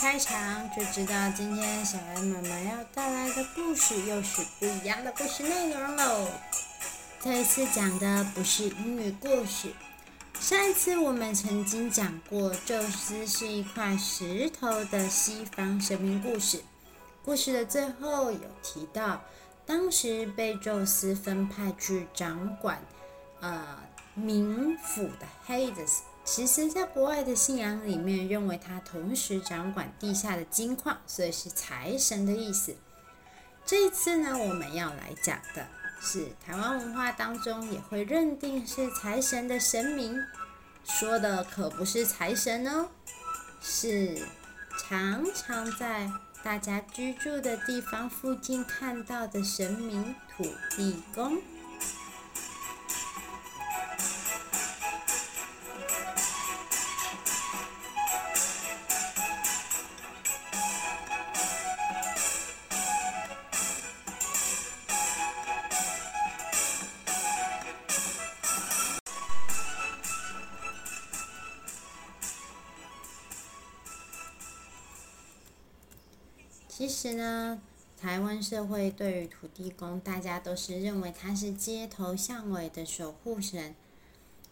開場就知道，今天小艾媽媽要帶來的故事又是不一樣的故事內容嘍。這一次講的不是英語故事，上一次我們曾經講過宙斯是一塊石頭的西方神明故事。故事的最後有提到，當時被宙斯分派去掌管呃冥府的海帝斯。其實，在國外的信仰裡面，認為他同時掌管地下的金礦，所以是財神的意思。這一次呢，我們要來講的是台灣文化當中也會認定是財神的神明，說的可不是財神哦，是常常在大家居住的地方附近看到的神明——土地公。其實呢，台灣社會對於土地公，大家都是認為他是街頭巷尾的守護神。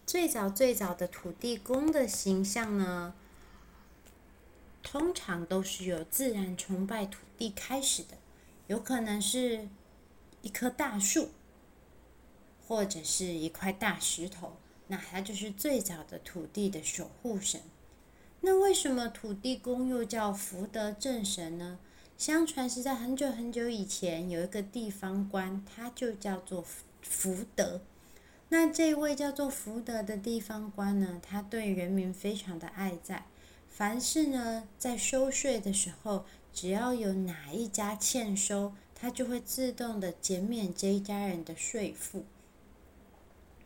最早最早的土地公的形象呢，通常都是由自然崇拜土地開始的，有可能是一棵大樹，或者是一塊大石頭，那它就是最早的土地的守護神。那為什麼土地公又叫福德正神呢？相傳是在很久很久以前，有一個地方官，他就叫做福德。那這位叫做福德的地方官呢，他對人民非常的愛戴，在凡是呢，在收稅的時候，只要有哪一家欠收，他就會自動的減免這一家人的稅負。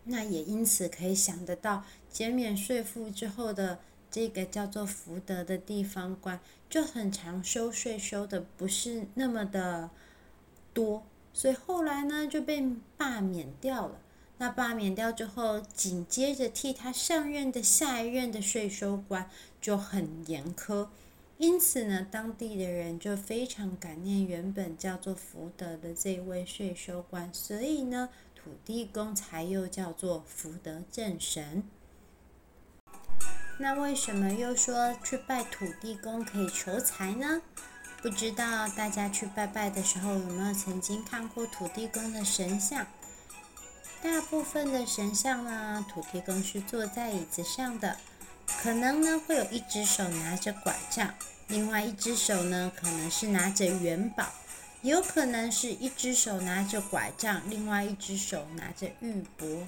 那也因此可以想得到，減免稅負之後的。這個叫做福德的地方官就很常收稅，收的不是那麼的多，所以後來呢就被罷免掉了。那罷免掉之後，緊接着替他上任的下一任的稅收官就很嚴苛，因此呢，當地的人就非常感念原本叫做福德的這位稅收官，所以呢，土地公才又叫做福德正神。那為什麼又說去拜土地公可以求財呢？不知道大家去拜拜的時候有沒有曾經看過土地公的神像？大部分的神像呢，土地公是坐在椅子上的，可能呢會有一隻手拿着拐杖，另外一隻手呢可能是拿着元寶，有可能是一隻手拿着拐杖，另外一隻手拿着玉帛。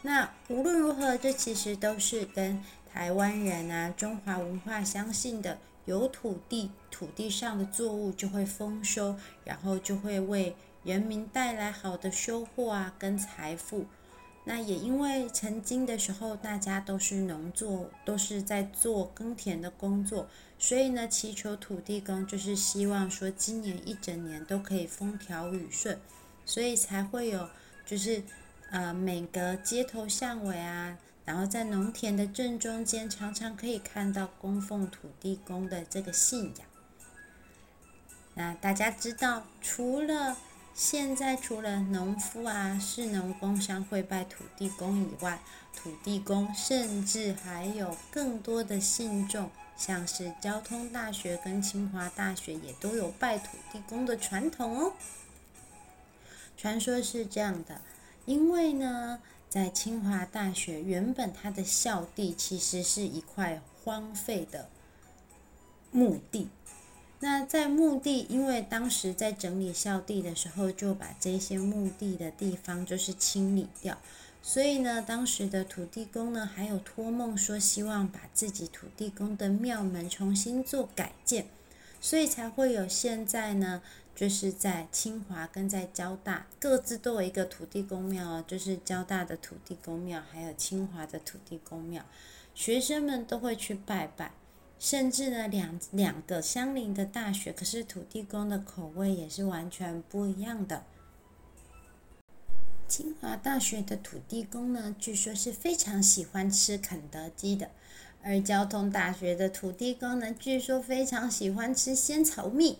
那無論如何，這其實都是跟台灣人啊，中華文化相信的，有土地，土地上的作物就會豐收，然後就會為人民帶來好的收穫啊，跟財富。那也因為曾經的時候，大家都是農作，都是在做耕田的工作，所以呢，祈求土地公就是希望說，今年一整年都可以風調雨順，所以才會有，就是呃，每個街頭巷尾啊。然後在農田的正中間，常常可以看到供奉土地公的這個信仰。那大家知道，除了現在除了農夫啊、士農工商會拜土地公以外，土地公甚至還有更多的信眾，像是交通大學跟清華大學也都有拜土地公的傳統哦。傳說是這樣的，因為呢。在清華大學，原本它的校地其實是一塊荒廢的墓地。那在墓地，因為當時在整理校地的時候，就把這些墓地的地方就是清理掉。所以呢，當時的土地公呢，還有托夢說希望把自己土地公的廟門重新做改建，所以才會有現在呢。就是在清華跟在交大各自都有一個土地公廟哦，就是交大的土地公廟，還有清華的土地公廟，學生們都會去拜拜。甚至呢，兩兩個相鄰的大學，可是土地公的口味也是完全不一樣的。清華大學的土地公呢，據說是非常喜歡吃肯德基的，而交通大學的土地公呢，據說非常喜歡吃仙草蜜。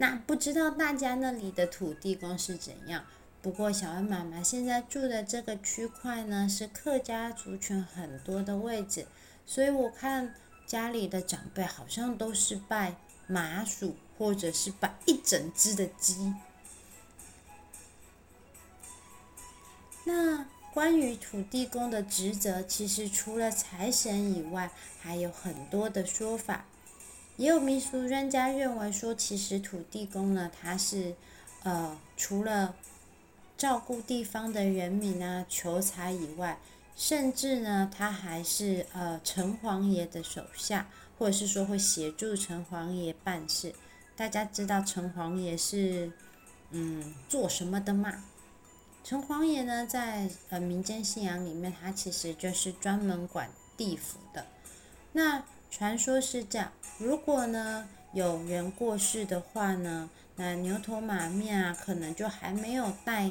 那不知道大家那裡的土地公是怎樣？不過小恩媽媽現在住的這個區塊呢，是客家族群很多的位置，所以我看家裡的長輩好像都是拜麻薯，或者是拜一整隻的雞。那關於土地公的職責，其實除了財神以外，還有很多的說法。也有民俗專家認為說，其實土地公呢，他是，呃，除了照顧地方的人民啊、求財以外，甚至呢，他還是呃城隍爺的手下，或者是說會協助城隍爺辦事。大家知道城隍爺是嗯做什麼的嗎？城隍爺呢，在呃民間信仰裡面，他其實就是專門管地府的。那傳說是這樣，如果呢有人過世的話呢，那牛頭馬面啊，可能就還沒有帶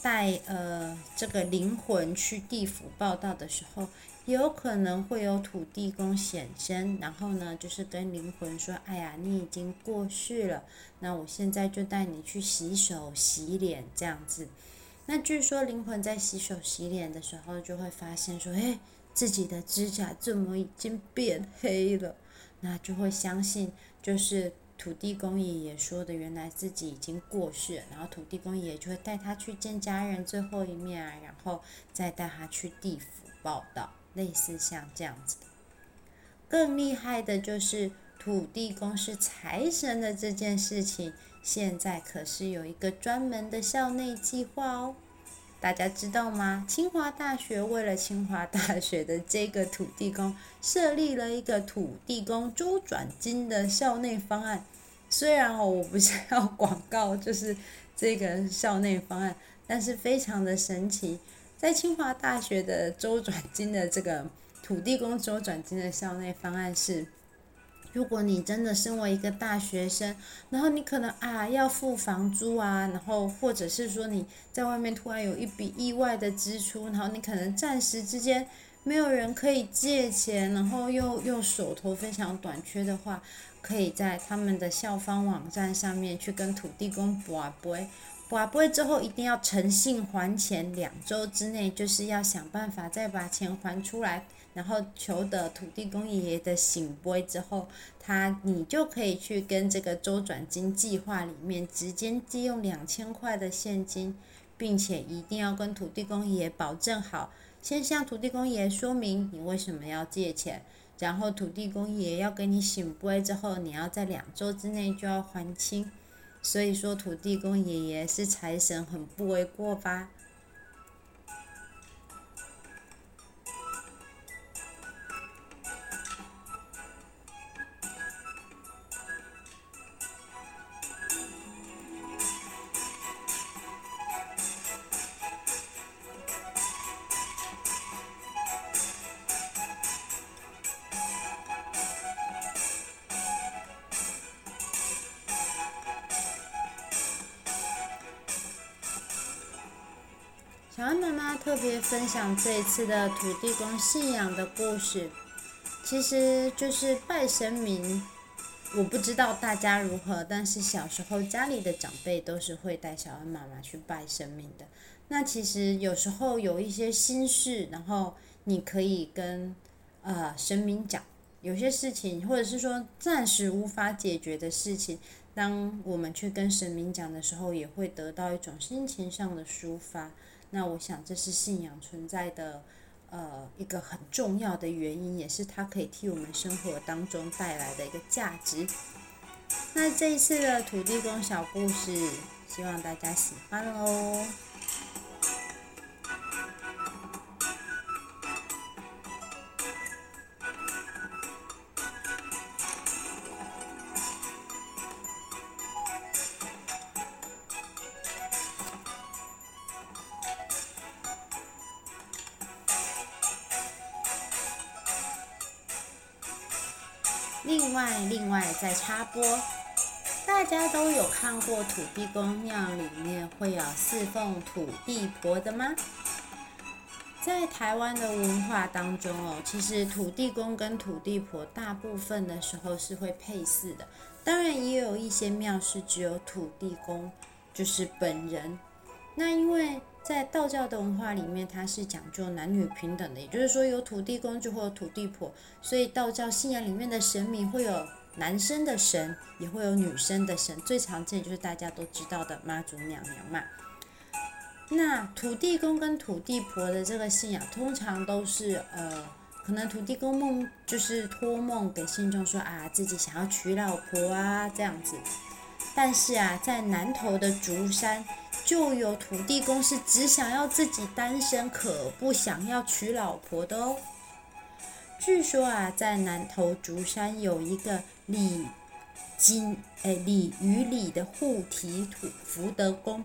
帶呃這個靈魂去地府報到的時候，也有可能會有土地公顯身，然後呢就是跟靈魂說，哎呀，你已經過世了，那我現在就帶你去洗手洗臉這樣子。那據說靈魂在洗手洗臉的時候，就會發現說，誒……’自己的指甲怎麼已經變黑了？那就會相信，就是土地公爺爺說的，原來自己已經過世，然後土地公爺就會帶他去見家人最後一面啊，然後再帶他去地府報到，類似像這樣子的。更厲害的就是土地公是財神的這件事情，現在可是有一個專門的校內計劃哦。大家知道嗎？清華大學為了清華大學的這個土地公，設立了一個土地公周轉金的校內方案。雖然哦，我不是要廣告，就是這個校內方案，但是非常的神奇。在清華大學的周轉金的這個土地公周轉金的校內方案是。如果你真的身為一個大學生，然後你可能啊要付房租啊，然後或者是說你在外面突然有一筆意外的支出，然後你可能暫時之間沒有人可以借錢，然後又用手頭非常短缺的話，可以在他們的校方網站上面去跟土地公拔杯，拔杯之後一定要誠信還錢，兩周之內就是要想辦法再把錢還出來。然後求得土地公爺爺的聖杯之後，他你就可以去跟這個週轉金計劃裡面直接借用兩千塊的現金，並且一定要跟土地公爺爺保證好，先向土地公爺爺說明你為什麼要借錢，然後土地公爺爺要給你聖杯之後，你要在兩週之內就要還清。所以說土地公爺爺是財神，很不為過吧。特別分享這一次的土地公信仰的故事，其實就是拜神明。我不知道大家如何，但是小時候家裡的長輩都是會帶小恩媽媽去拜神明的。那其實有時候有一些心事，然後你可以跟啊、呃、神明講，有些事情或者是說暫時無法解決的事情，當我們去跟神明講的時候，也會得到一種心情上的抒發。那我想，這是信仰存在的，呃，一個很重要的原因，也是它可以替我們生活當中帶來的一個價值。那這一次的土地公小故事，希望大家喜歡嘍。還在插播，大家都有看過土地公廟裡面會有侍奉土地婆的嗎？在台灣的文化當中哦，其實土地公跟土地婆大部分的時候是會配祀的。當然也有一些廟是只有土地公，就是本人。那因為在道教的文化裡面，它是講究男女平等的，也就是說有土地公就會有土地婆，所以道教信仰裡面的神明會有。男生的神也會有女生的神，最常見就是大家都知道的媽祖娘娘嘛。那土地公跟土地婆的這個信仰，通常都是呃，可能土地公就是托夢給信眾說啊，自己想要娶老婆啊這樣子。但是啊，在南投的竹山就有土地公是只想要自己單身，可不想要娶老婆的哦。據說啊，在南投竹山有一個李金誒李雨李的護體土福德宮。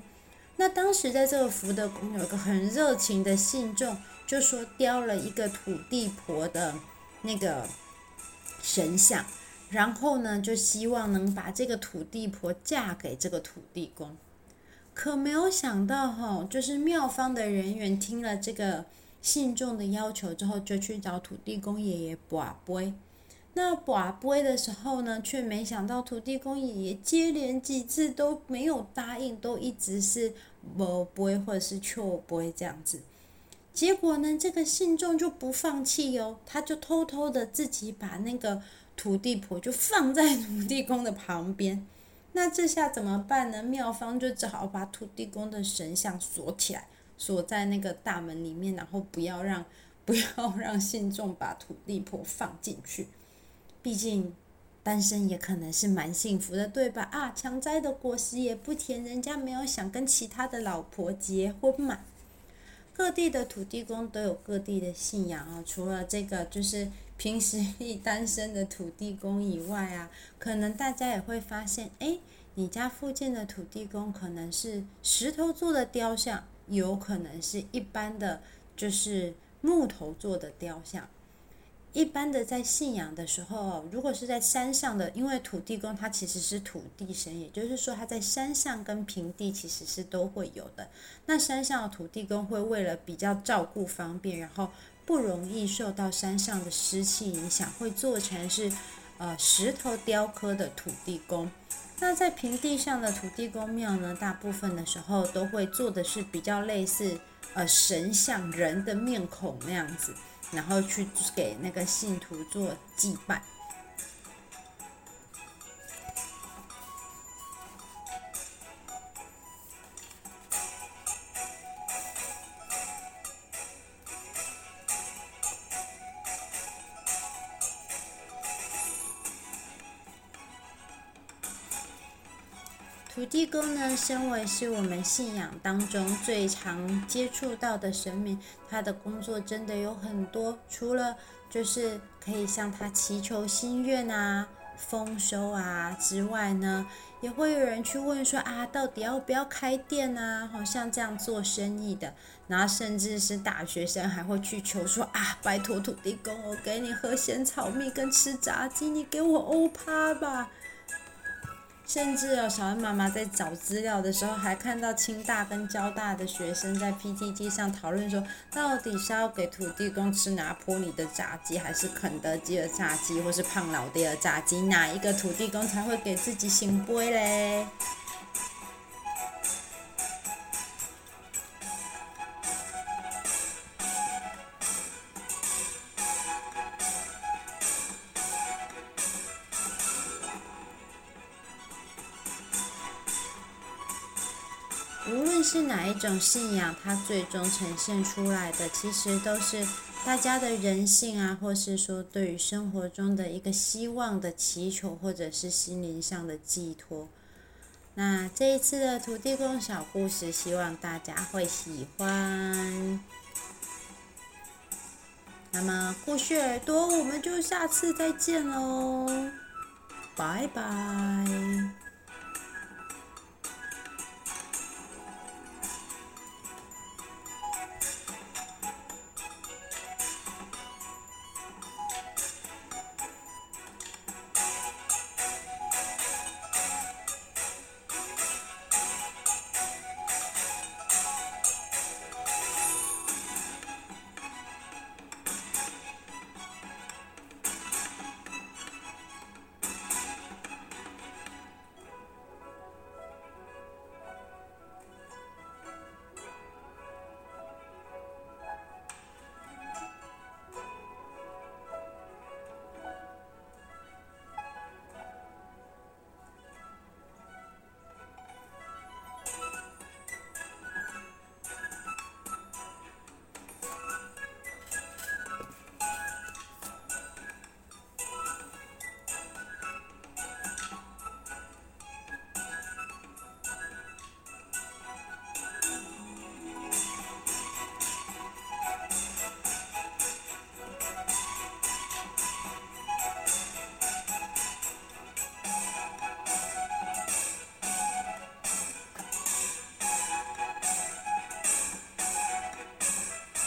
那當時在這個福德宮，有一個很熱情的信眾，就說雕了一個土地婆的那個神像，然後呢，就希望能把這個土地婆嫁給這個土地公。可沒有想到哈、哦，就是廟方的人員聽了這個。信眾的要求之後，就去找土地公爺爺拔杯。那拔杯的時候呢，卻沒想到土地公爺爺接連幾次都沒有答應，都一直是沒杯或者是笑杯這樣子。結果呢，這個信眾就不放棄喲、哦，他就偷偷的自己把那個土地婆就放在土地公的旁邊。那這下怎麼辦呢？廟方就只好把土地公的神像鎖起來。鎖在那個大門裡面，然後不要讓不要讓信眾把土地婆放進去。畢竟單身也可能是蠻幸福的，對吧？啊，強摘的果實也不甜，人家沒有想跟其他的老婆結婚嘛。各地的土地公都有各地的信仰啊。除了這個，就是平時一單身的土地公以外啊，可能大家也會發現，哎，你家附近的土地公可能是石頭做的雕像，有可能是一般的，就是木頭做的雕像。一般的在信仰的時候，如果是在山上的，因為土地公他其實是土地神，也就是說他在山上跟平地其實是都會有的。那山上的土地公會為了比較照顧方便，然後不容易受到山上的濕氣影響，會做成是呃石頭雕刻的土地公。那在平地上的土地公廟呢，大部分的時候都會做的是比較類似，呃，神像人的面孔那樣子，然後去給那個信徒做祭拜。土地公呢，身為是我們信仰當中最常接觸到的神明，他的工作真的有很多，除了就是可以向他祈求心願啊、豐收啊之外呢，也會有人去問說啊，到底要不要開店啊？好像這樣做生意的，然後甚至是大學生還會去求說啊，拜託土地公，我給你喝仙草蜜跟吃炸雞，你給我歐趴吧。甚至哦，小恩媽媽在找資料的時候，還看到清大跟交大的學生在 PTT 上討論說，說到底是要給土地公吃拿坡里的炸雞，還是肯德基的炸雞，或是胖老爹的炸雞，哪一個土地公才會給自己聖杯嘞？是哪一種信仰？它最終呈現出來的，其實都是大家的人性啊，或是說對於生活中的一個希望的祈求，或者是心靈上的寄托。那這一次的土地公小故事，希望大家會喜歡。那麼故事耳朵，我們就下次再見嘍，拜拜。